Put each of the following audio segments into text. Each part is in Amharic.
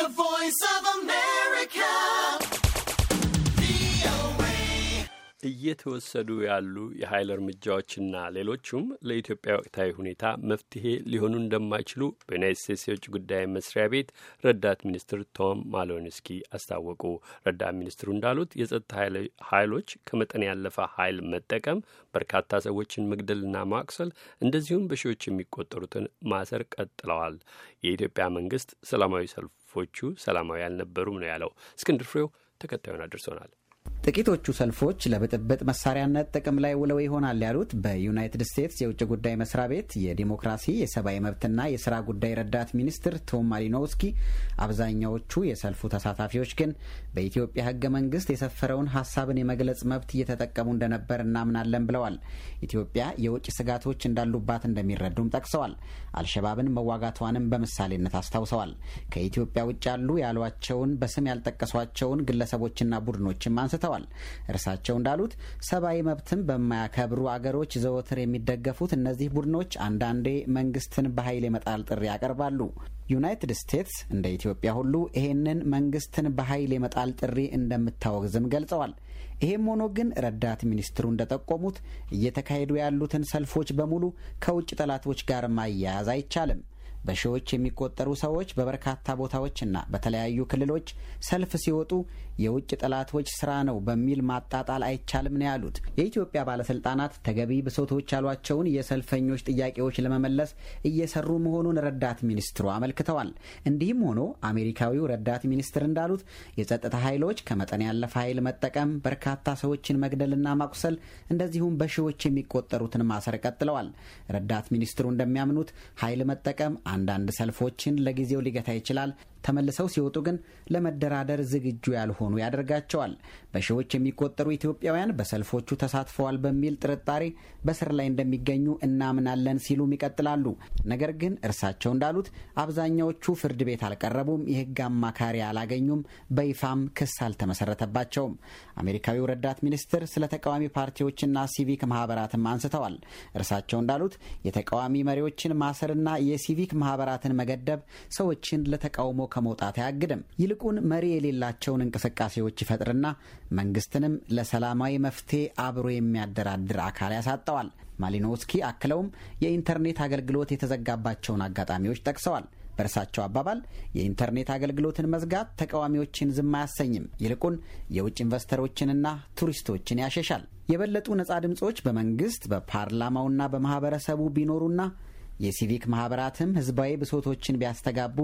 The Voice of America. እየተወሰዱ ያሉ የኃይል እርምጃዎችና ሌሎቹም ለኢትዮጵያ ወቅታዊ ሁኔታ መፍትሄ ሊሆኑ እንደማይችሉ በዩናይት ስቴትስ የውጭ ጉዳይ መስሪያ ቤት ረዳት ሚኒስትር ቶም ማሎንስኪ አስታወቁ። ረዳት ሚኒስትሩ እንዳሉት የጸጥታ ኃይሎች ከመጠን ያለፈ ኃይል መጠቀም በርካታ ሰዎችን መግደልና ማቁሰል እንደዚሁም በሺዎች የሚቆጠሩትን ማሰር ቀጥለዋል። የኢትዮጵያ መንግስት ሰላማዊ ሰልፎ ሰልፎቹ ሰላማዊ አልነበሩም ነው ያለው። እስክንድር ፍሬው ተከታዩን አድርሶናል። ጥቂቶቹ ሰልፎች ለብጥብጥ መሳሪያነት ጥቅም ላይ ውለው ይሆናል ያሉት በዩናይትድ ስቴትስ የውጭ ጉዳይ መስሪያ ቤት የዲሞክራሲ የሰብአዊ መብትና የስራ ጉዳይ ረዳት ሚኒስትር ቶም ማሊኖውስኪ፣ አብዛኛዎቹ የሰልፉ ተሳታፊዎች ግን በኢትዮጵያ ህገ መንግስት የሰፈረውን ሀሳብን የመግለጽ መብት እየተጠቀሙ እንደነበር እናምናለን ብለዋል። ኢትዮጵያ የውጭ ስጋቶች እንዳሉባት እንደሚረዱም ጠቅሰዋል። አልሸባብን መዋጋቷንም በምሳሌነት አስታውሰዋል። ከኢትዮጵያ ውጭ ያሉ ያሏቸውን በስም ያልጠቀሷቸውን ግለሰቦችና ቡድኖችም አንስተዋል። ገልጸዋል። እርሳቸው እንዳሉት ሰብአዊ መብትን በማያከብሩ አገሮች ዘወትር የሚደገፉት እነዚህ ቡድኖች አንዳንዴ መንግስትን በኃይል የመጣል ጥሪ ያቀርባሉ። ዩናይትድ ስቴትስ እንደ ኢትዮጵያ ሁሉ ይሄንን መንግስትን በኃይል የመጣል ጥሪ እንደምታወግዝም ገልጸዋል። ይሄም ሆኖ ግን ረዳት ሚኒስትሩ እንደጠቆሙት እየተካሄዱ ያሉትን ሰልፎች በሙሉ ከውጭ ጠላቶች ጋር ማያያዝ አይቻልም። በሺዎች የሚቆጠሩ ሰዎች በበርካታ ቦታዎችና በተለያዩ ክልሎች ሰልፍ ሲወጡ የውጭ ጠላቶች ስራ ነው በሚል ማጣጣል አይቻልም ነው ያሉት። የኢትዮጵያ ባለስልጣናት ተገቢ ብሶቶች ያሏቸውን የሰልፈኞች ጥያቄዎች ለመመለስ እየሰሩ መሆኑን ረዳት ሚኒስትሩ አመልክተዋል። እንዲህም ሆኖ አሜሪካዊው ረዳት ሚኒስትር እንዳሉት የጸጥታ ኃይሎች ከመጠን ያለፈ ኃይል መጠቀም፣ በርካታ ሰዎችን መግደልና ማቁሰል፣ እንደዚሁም በሺዎች የሚቆጠሩትን ማሰር ቀጥለዋል። ረዳት ሚኒስትሩ እንደሚያምኑት ኃይል መጠቀም አንዳንድ ሰልፎችን ለጊዜው ሊገታ ይችላል። ተመልሰው ሲወጡ ግን ለመደራደር ዝግጁ ያልሆኑ ያደርጋቸዋል። በሺዎች የሚቆጠሩ ኢትዮጵያውያን በሰልፎቹ ተሳትፈዋል በሚል ጥርጣሬ በስር ላይ እንደሚገኙ እናምናለን ሲሉም ይቀጥላሉ። ነገር ግን እርሳቸው እንዳሉት አብዛኛዎቹ ፍርድ ቤት አልቀረቡም፣ የህግ አማካሪ አላገኙም፣ በይፋም ክስ አልተመሰረተባቸውም። አሜሪካዊው ረዳት ሚኒስትር ስለ ተቃዋሚ ፓርቲዎችና ሲቪክ ማህበራትም አንስተዋል። እርሳቸው እንዳሉት የተቃዋሚ መሪዎችን ማሰርና የሲቪክ ማህበራትን መገደብ ሰዎችን ለተቃውሞ ከመውጣት አያግድም። ይልቁን መሪ የሌላቸውን እንቅስቃሴዎች ይፈጥርና መንግስትንም ለሰላማዊ መፍትሄ አብሮ የሚያደራድር አካል ያሳጠዋል። ማሊኖስኪ አክለውም የኢንተርኔት አገልግሎት የተዘጋባቸውን አጋጣሚዎች ጠቅሰዋል። በእርሳቸው አባባል የኢንተርኔት አገልግሎትን መዝጋት ተቃዋሚዎችን ዝም አያሰኝም፣ ይልቁን የውጭ ኢንቨስተሮችንና ቱሪስቶችን ያሸሻል። የበለጡ ነጻ ድምፆች በመንግስት በፓርላማውና በማህበረሰቡ ቢኖሩና የሲቪክ ማህበራትም ህዝባዊ ብሶቶችን ቢያስተጋቡ፣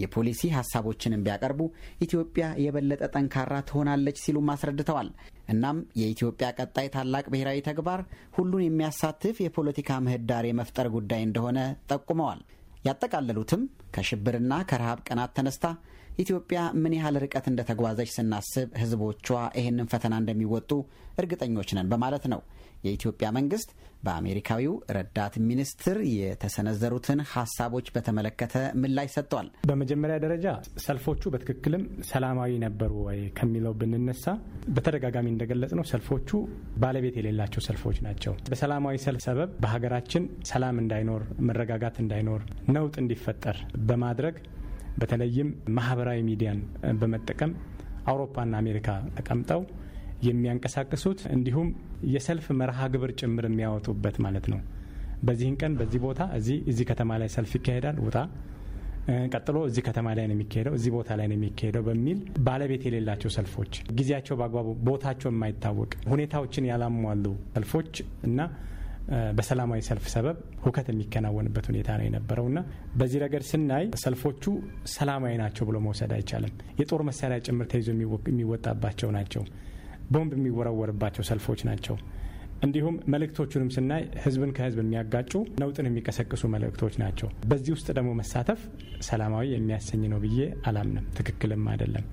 የፖሊሲ ሀሳቦችንም ቢያቀርቡ ኢትዮጵያ የበለጠ ጠንካራ ትሆናለች ሲሉም አስረድተዋል። እናም የኢትዮጵያ ቀጣይ ታላቅ ብሔራዊ ተግባር ሁሉን የሚያሳትፍ የፖለቲካ ምህዳር የመፍጠር ጉዳይ እንደሆነ ጠቁመዋል። ያጠቃለሉትም ከሽብርና ከረሃብ ቀናት ተነስታ ኢትዮጵያ ምን ያህል ርቀት እንደተጓዘች ስናስብ ህዝቦቿ ይህንን ፈተና እንደሚወጡ እርግጠኞች ነን በማለት ነው የኢትዮጵያ መንግስት በአሜሪካዊው ረዳት ሚኒስትር የተሰነዘሩትን ሀሳቦች በተመለከተ ምላሽ ሰጥቷል። በመጀመሪያ ደረጃ ሰልፎቹ በትክክልም ሰላማዊ ነበሩ ወይ ከሚለው ብንነሳ በተደጋጋሚ እንደገለጽ ነው ሰልፎቹ ባለቤት የሌላቸው ሰልፎች ናቸው። በሰላማዊ ሰልፍ ሰበብ በሀገራችን ሰላም እንዳይኖር፣ መረጋጋት እንዳይኖር፣ ነውጥ እንዲፈጠር በማድረግ በተለይም ማህበራዊ ሚዲያን በመጠቀም አውሮፓና አሜሪካ ተቀምጠው የሚያንቀሳቅሱት እንዲሁም የሰልፍ መርሃ ግብር ጭምር የሚያወጡበት ማለት ነው። በዚህን ቀን በዚህ ቦታ እዚህ እዚህ ከተማ ላይ ሰልፍ ይካሄዳል፣ ውጣ ቀጥሎ እዚህ ከተማ ላይ ነው የሚካሄደው፣ እዚህ ቦታ ላይ ነው የሚካሄደው በሚል ባለቤት የሌላቸው ሰልፎች፣ ጊዜያቸው በአግባቡ ቦታቸው የማይታወቅ ሁኔታዎችን ያላሟሉ ሰልፎች እና በሰላማዊ ሰልፍ ሰበብ ሁከት የሚከናወንበት ሁኔታ ነው የነበረው እና በዚህ ረገድ ስናይ ሰልፎቹ ሰላማዊ ናቸው ብሎ መውሰድ አይቻልም። የጦር መሳሪያ ጭምር ተይዞ የሚወጣባቸው ናቸው። ቦምብ የሚወረወርባቸው ሰልፎች ናቸው። እንዲሁም መልእክቶቹንም ስናይ ህዝብን ከህዝብ የሚያጋጩ ነውጥን የሚቀሰቅሱ መልእክቶች ናቸው። በዚህ ውስጥ ደግሞ መሳተፍ ሰላማዊ የሚያሰኝ ነው ብዬ አላምንም፣ ትክክልም አይደለም።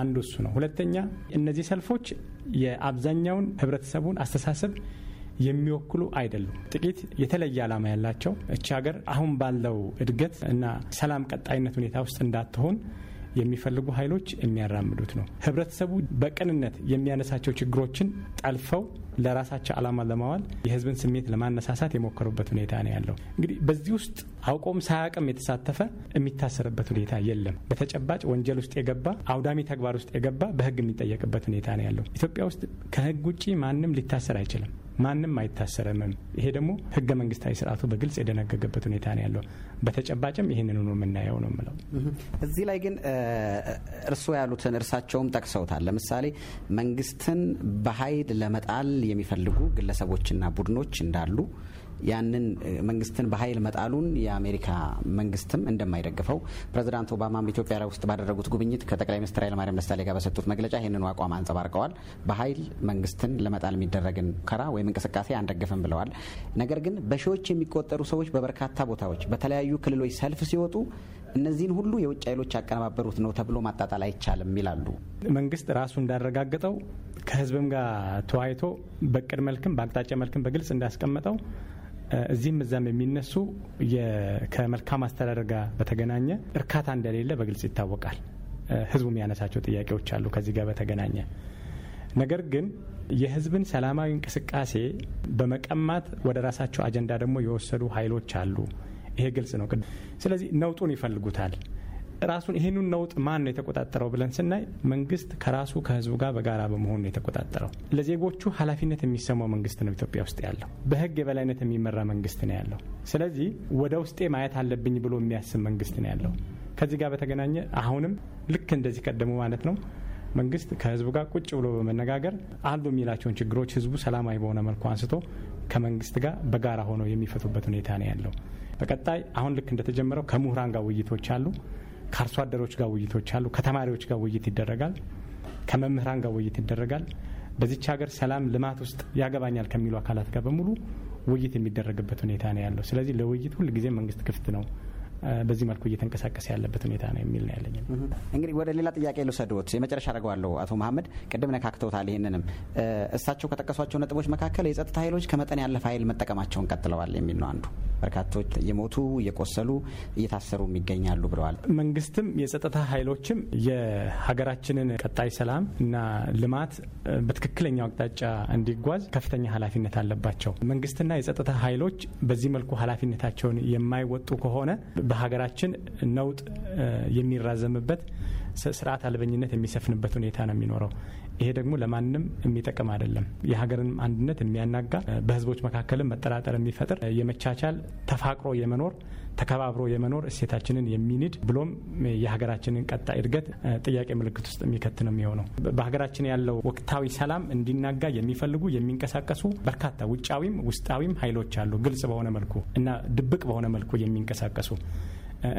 አንዱ እሱ ነው። ሁለተኛ እነዚህ ሰልፎች የአብዛኛውን ህብረተሰቡን አስተሳሰብ የሚወክሉ አይደሉም። ጥቂት የተለየ ዓላማ ያላቸው እቺ ሀገር አሁን ባለው እድገት እና ሰላም ቀጣይነት ሁኔታ ውስጥ እንዳትሆን የሚፈልጉ ኃይሎች የሚያራምዱት ነው። ህብረተሰቡ በቅንነት የሚያነሳቸው ችግሮችን ጠልፈው ለራሳቸው ዓላማ ለማዋል የህዝብን ስሜት ለማነሳሳት የሞከሩበት ሁኔታ ነው ያለው። እንግዲህ በዚህ ውስጥ አውቆም ሳያቅም የተሳተፈ የሚታሰርበት ሁኔታ የለም። በተጨባጭ ወንጀል ውስጥ የገባ አውዳሚ ተግባር ውስጥ የገባ በህግ የሚጠየቅበት ሁኔታ ነው ያለው። ኢትዮጵያ ውስጥ ከህግ ውጭ ማንም ሊታሰር አይችልም። ማንም አይታሰረምም። ይሄ ደግሞ ህገ መንግስታዊ ስርዓቱ በግልጽ የደነገገበት ሁኔታ ነው ያለው። በተጨባጭም ይህንኑ ነው የምናየው ነው የምለው። እዚህ ላይ ግን እርስዎ ያሉትን እርሳቸውም ጠቅሰውታል። ለምሳሌ መንግስትን በኃይል ለመጣል የሚፈልጉ ግለሰቦችና ቡድኖች እንዳሉ ያንን መንግስትን በኃይል መጣሉን የአሜሪካ መንግስትም እንደማይደግፈው ፕሬዚዳንት ኦባማም ኢትዮጵያ ውስጥ ባደረጉት ጉብኝት ከጠቅላይ ሚኒስትር ኃይለማርያም ደሳሌ ጋር በሰጡት መግለጫ ይህንኑ አቋም አንጸባርቀዋል። በኃይል መንግስትን ለመጣል የሚደረግን ሙከራ ወይም እንቅስቃሴ አንደግፍም ብለዋል። ነገር ግን በሺዎች የሚቆጠሩ ሰዎች በበርካታ ቦታዎች በተለያዩ ክልሎች ሰልፍ ሲወጡ እነዚህን ሁሉ የውጭ ኃይሎች ያቀነባበሩት ነው ተብሎ ማጣጣል አይቻልም ይላሉ። መንግስት ራሱ እንዳረጋገጠው ከህዝብም ጋር ተዋይቶ በቅድ መልክም በአቅጣጫ መልክም በግልጽ እንዳስቀመጠው እዚህም እዛም የሚነሱ ከመልካም አስተዳደር ጋር በተገናኘ እርካታ እንደሌለ በግልጽ ይታወቃል። ህዝቡ የሚያነሳቸው ጥያቄዎች አሉ ከዚህ ጋር በተገናኘ ነገር ግን የህዝብን ሰላማዊ እንቅስቃሴ በመቀማት ወደ ራሳቸው አጀንዳ ደግሞ የወሰዱ ኃይሎች አሉ። ይሄ ግልጽ ነው። ስለዚህ ነውጡን ይፈልጉታል። ራሱን ይህንን ነውጥ ማን ነው የተቆጣጠረው ብለን ስናይ መንግስት ከራሱ ከህዝቡ ጋር በጋራ በመሆኑ ነው የተቆጣጠረው። ለዜጎቹ ኃላፊነት የሚሰማው መንግስት ነው ኢትዮጵያ ውስጥ ያለው። በህግ የበላይነት የሚመራ መንግስት ነው ያለው። ስለዚህ ወደ ውስጤ ማየት አለብኝ ብሎ የሚያስብ መንግስት ነው ያለው። ከዚህ ጋር በተገናኘ አሁንም ልክ እንደዚህ ቀደሙ ማለት ነው መንግስት ከህዝቡ ጋር ቁጭ ብሎ በመነጋገር አሉ የሚላቸውን ችግሮች ህዝቡ ሰላማዊ በሆነ መልኩ አንስቶ ከመንግስት ጋር በጋራ ሆነው የሚፈቱበት ሁኔታ ነው ያለው። በቀጣይ አሁን ልክ እንደተጀመረው ከምሁራን ጋር ውይይቶች አሉ። ከአርሶ አደሮች ጋር ውይይቶች አሉ። ከተማሪዎች ጋር ውይይት ይደረጋል። ከመምህራን ጋር ውይይት ይደረጋል። በዚች ሀገር ሰላም፣ ልማት ውስጥ ያገባኛል ከሚሉ አካላት ጋር በሙሉ ውይይት የሚደረግበት ሁኔታ ነው ያለው። ስለዚህ ለውይይት ሁልጊዜ መንግስት ክፍት ነው። በዚህ መልኩ እየተንቀሳቀሰ ያለበት ሁኔታ ነው የሚል ነው ያለኝ። እንግዲህ ወደ ሌላ ጥያቄ ልውሰድዎት፣ የመጨረሻ አደርገዋለሁ። አቶ መሀመድ ቅድም ነካክተውታል። ይህንንም እሳቸው ከጠቀሷቸው ነጥቦች መካከል የጸጥታ ኃይሎች ከመጠን ያለፈ ኃይል መጠቀማቸውን ቀጥለዋል የሚል ነው አንዱ። በርካቶች እየሞቱ እየቆሰሉ እየታሰሩ ይገኛሉ ብለዋል። መንግስትም የጸጥታ ኃይሎችም የሀገራችንን ቀጣይ ሰላም እና ልማት በትክክለኛው አቅጣጫ እንዲጓዝ ከፍተኛ ኃላፊነት አለባቸው። መንግስትና የጸጥታ ኃይሎች በዚህ መልኩ ኃላፊነታቸውን የማይወጡ ከሆነ በሀገራችን ነውጥ የሚራዘምበት ስርዓት አልበኝነት የሚሰፍንበት ሁኔታ ነው የሚኖረው። ይሄ ደግሞ ለማንም የሚጠቅም አይደለም። የሀገርን አንድነት የሚያናጋ በህዝቦች መካከልም መጠራጠር የሚፈጥር የመቻቻል ተፋቅሮ የመኖር ተከባብሮ የመኖር እሴታችንን የሚንድ ብሎም የሀገራችንን ቀጣይ እድገት ጥያቄ ምልክት ውስጥ የሚከት ነው የሚሆነው። በሀገራችን ያለው ወቅታዊ ሰላም እንዲናጋ የሚፈልጉ የሚንቀሳቀሱ በርካታ ውጫዊም ውስጣዊም ኃይሎች አሉ፣ ግልጽ በሆነ መልኩ እና ድብቅ በሆነ መልኩ የሚንቀሳቀሱ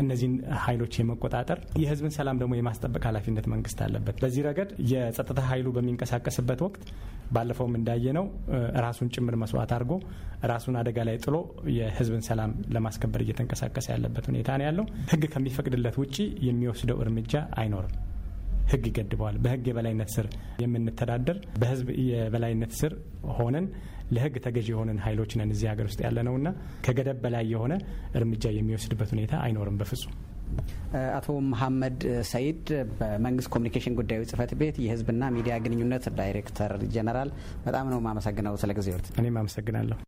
እነዚህን ኃይሎች የመቆጣጠር የህዝብን ሰላም ደግሞ የማስጠበቅ ኃላፊነት መንግስት አለበት። በዚህ ረገድ የጸጥታ ኃይሉ በሚንቀሳቀስበት ወቅት ባለፈውም እንዳየነው ራሱን ጭምር መስዋዕት አድርጎ ራሱን አደጋ ላይ ጥሎ የህዝብን ሰላም ለማስከበር እየተንቀሳቀሰ ያለበት ሁኔታ ነው ያለው። ህግ ከሚፈቅድለት ውጭ የሚወስደው እርምጃ አይኖርም። ህግ ይገድበዋል። በህግ የበላይነት ስር የምንተዳደር በህዝብ የበላይነት ስር ሆነን ለህግ ተገዥ የሆንን ኃይሎች ነን እዚህ ሀገር ውስጥ ያለ ነውና ከገደብ በላይ የሆነ እርምጃ የሚወስድበት ሁኔታ አይኖርም በፍጹም። አቶ መሐመድ ሰይድ በመንግስት ኮሚኒኬሽን ጉዳዮች ጽህፈት ቤት የህዝብና ሚዲያ ግንኙነት ዳይሬክተር ጀነራል፣ በጣም ነው የማመሰግነው ስለ ጊዜዎት። እኔም አመሰግናለሁ።